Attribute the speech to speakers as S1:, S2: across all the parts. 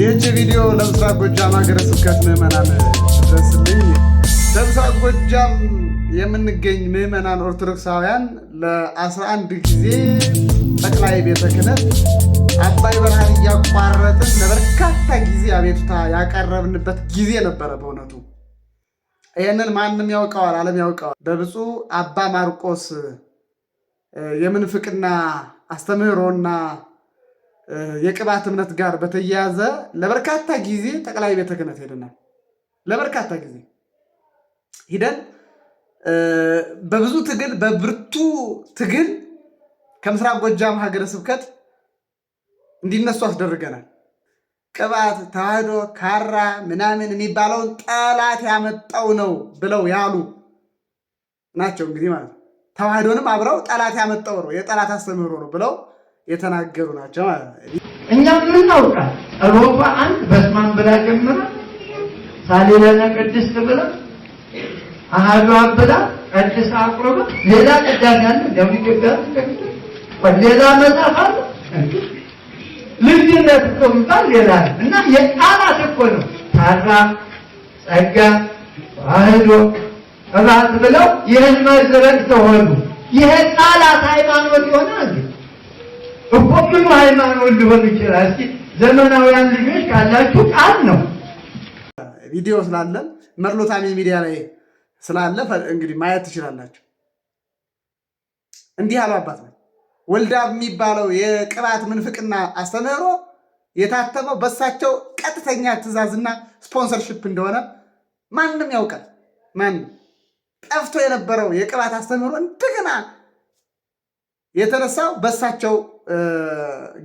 S1: ይህች ቪዲዮ ለምስራቅ ጎጃም ሀገረ ስብከት ምዕመናን ድረስልኝ። በምስራቅ ጎጃም የምንገኝ ምዕመናን ኦርቶዶክሳውያን ለ11 ጊዜ ጠቅላይ ቤተ ክህነት አባይ በርሃን እያቋረጥን ለበርካታ ጊዜ አቤቱታ ያቀረብንበት ጊዜ ነበረ። በእውነቱ ይህንን ማንም ያውቀዋል፣ ዓለም ያውቀዋል። በብፁዕ አባ ማርቆስ የምንፍቅና አስተምህሮና የቅባት እምነት ጋር በተያያዘ ለበርካታ ጊዜ ጠቅላይ ቤተ ክህነት ሄደናል። ለበርካታ ጊዜ ሂደን በብዙ ትግል በብርቱ ትግል ከምስራቅ ጎጃም ሀገረ ስብከት እንዲነሱ አስደርገናል። ቅባት ተዋህዶ ካራ ምናምን የሚባለውን ጠላት ያመጣው ነው ብለው ያሉ ናቸው። እንግዲህ ማለት ነው ተዋህዶንም አብረው ጠላት ያመጣው ነው የጠላት አስተምህሮ ነው ብለው የተናገሩ ናቸው ማለት ነው።
S2: እኛ ምናውቃል ሮባ አንድ በስማን ብላ ጀምራ ሳሌለነ ቅድስት ብላ አህዶ አብላ ቅድስ አቆበ ሌላ ቅዳሴ አለ ደግሞ ኢትዮጵያ ሌላ መጽሐፍ አለ ልጅነት እኮ የሚባል ሌላ እና የቃላት እኮ ነው። ታራ ጸጋ ባህዶ እባት ብለው ይህን መዝረግ ተሆኑ ይህ ቃላት ሃይማኖት ይሆናል። እኮ ምኑ ሃይማኖት ሊሆን ይችላል? እስኪ ዘመናውያን ልጆች ካላችሁ ቃል ነው
S1: ቪዲዮ ስላለ መርሎታሚ ሚዲያ ላይ ስላለ እንግዲህ ማየት ትችላላችሁ። እንዲህ አሉ አባት ነው። ወልዳ የሚባለው የቅባት ምንፍቅና አስተምህሮ የታተመው በሳቸው ቀጥተኛ ትእዛዝና ስፖንሰርሽፕ እንደሆነ ማንም ያውቃል። ማንም ጠፍቶ የነበረው የቅባት አስተምህሮ እንደገና የተነሳው በሳቸው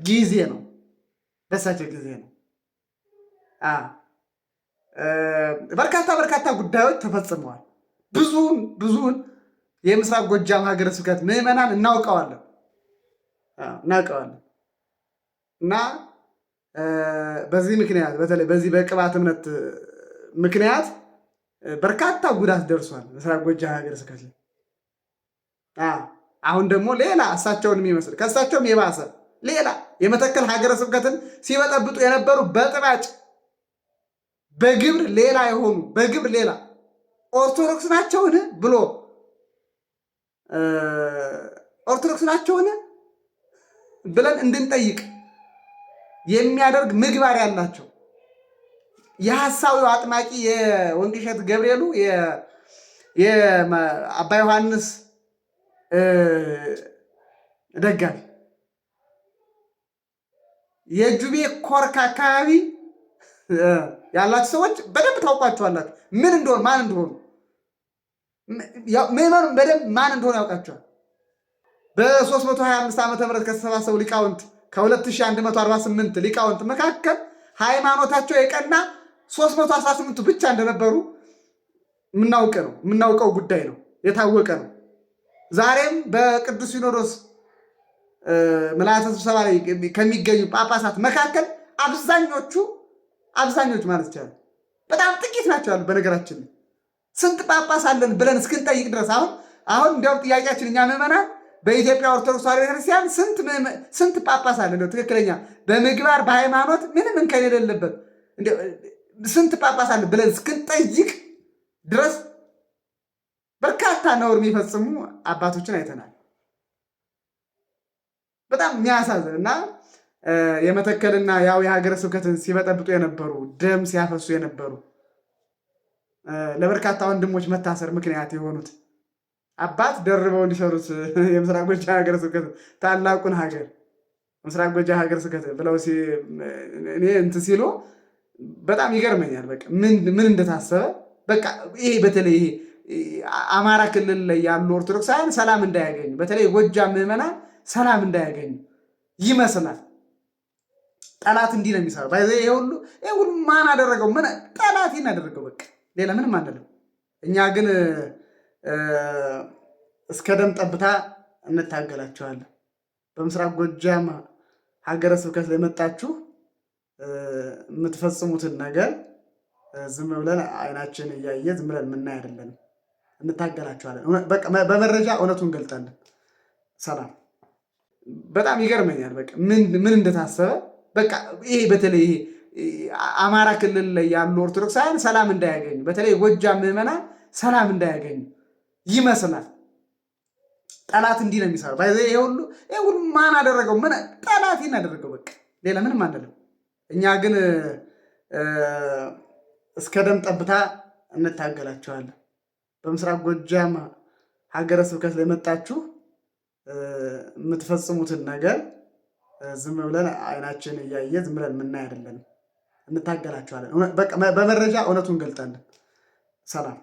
S1: ጊዜ ነው። በሳቸው ጊዜ ነው። በርካታ በርካታ ጉዳዮች ተፈጽመዋል። ብዙውን ብዙውን የምስራቅ ጎጃም ሀገረ ስብከት ምዕመናን እናውቀዋለን እናውቀዋለን እና በዚህ ምክንያት በተለይ በዚህ በቅባት እምነት ምክንያት በርካታ ጉዳት ደርሷል ምስራቅ ጎጃም ሀገረ ስብከት ላይ አሁን ደግሞ ሌላ እሳቸውን የሚመስል ከእሳቸውም የባሰ ሌላ የመተከል ሀገረ ስብከትን ሲበጠብጡ የነበሩ በጥባጭ በግብር ሌላ የሆኑ በግብር ሌላ ኦርቶዶክስ ናቸውን ብሎ ኦርቶዶክስ ናቸውን ብለን እንድንጠይቅ የሚያደርግ ምግባር ያላቸው የሐሳዊው አጥማቂ የወንጌሸት ገብርኤሉ የአባ ዮሐንስ ደጋፊ የጁቤ ኮርክ አካባቢ ያላችሁ ሰዎች በደንብ ታውቋቸዋላችሁ፣ ምን እንደሆነ ማን እንደሆኑ ምዕመኑ በደንብ ማን እንደሆኑ ያውቃቸዋል። በ325 ዓ ም ከተሰባሰቡ ሊቃውንት ከ2148 ሊቃውንት መካከል ሃይማኖታቸው የቀና 318ቱ ብቻ እንደነበሩ የምናውቀው ነው የምናውቀው ጉዳይ ነው የታወቀ ነው። ዛሬም በቅዱስ ሲኖዶስ ምልዓተ ስብሰባ ላይ ከሚገኙ ጳጳሳት መካከል አብዛኞቹ አብዛኞቹ ማለት ይቻላል በጣም ጥቂት ናቸው ያሉ። በነገራችን ስንት ጳጳስ አለን ብለን እስክንጠይቅ ድረስ አሁን አሁን እንዲያውም ጥያቄያችን እኛ ምዕመናን በኢትዮጵያ ኦርቶዶክስ ተዋሕዶ ቤተክርስቲያን ስንት ጳጳስ አለን? ነው ትክክለኛ በምግባር በሃይማኖት ምንም እንከን የሌለበት ስንት ጳጳስ አለን ብለን እስክንጠይቅ ድረስ በርካታ ነውር የሚፈጽሙ አባቶችን አይተናል። በጣም የሚያሳዝን እና የመተከልና ያው የሀገረ ስብከትን ሲበጠብጡ የነበሩ ደም ሲያፈሱ የነበሩ ለበርካታ ወንድሞች መታሰር ምክንያት የሆኑት አባት ደርበው እንዲሰሩት የምስራቅ ጎጃ ሀገረ ስብከት ታላቁን ሀገር ምስራቅ ጎጃ ሀገረ ስብከት ብለው እኔ እንትን ሲሉ በጣም ይገርመኛል። በቃ ምን እንደታሰበ በቃ ይሄ በተለይ ይሄ አማራ ክልል ላይ ያሉ ኦርቶዶክሳውያን ሰላም እንዳያገኙ፣ በተለይ ጎጃም ምዕመናን ሰላም እንዳያገኙ ይመስላል። ጠላት እንዲህ ነው የሚሰራው። ይሄ ሁሉ ይሄ ሁሉ ማን አደረገው? ምን ጠላት ይህን አደረገው? በቃ ሌላ ምንም አንደለም። እኛ ግን እስከ ደም ጠብታ እንታገላቸዋለን። በምስራቅ ጎጃም ሀገረ ስብከት ላይ መጣችሁ የምትፈጽሙትን ነገር ዝም ብለን አይናችን እያየ ዝም ብለን ምናይ አይደለንም። እንታገላቸዋለን። በመረጃ እውነቱን ገልጣለን። ሰላም በጣም ይገርመኛል። በቃ ምን እንደታሰበ በቃ ይሄ በተለይ ይሄ አማራ ክልል ላይ ያሉ ኦርቶዶክሳውያን ሰላም እንዳያገኙ፣ በተለይ ጎጃም ምዕመና ሰላም እንዳያገኙ ይመስላል። ጠላት እንዲህ ነው የሚሰራው። ይሄ ሁሉ ይሄ ሁሉ ማን አደረገው? ምን ጠላት አደረገው? በቃ ሌላ ምንም አንልም። እኛ ግን እስከ ደም ጠብታ እንታገላቸዋለን። በምስራቅ ጎጃም ሀገረ ስብከት ላይ መጣችሁ የምትፈጽሙትን ነገር ዝም ብለን አይናችን እያየ ዝም ብለን የምናይ አይደለን፣ እንታገላችኋለን። በመረጃ እውነቱን ገልጣለን። ሰላም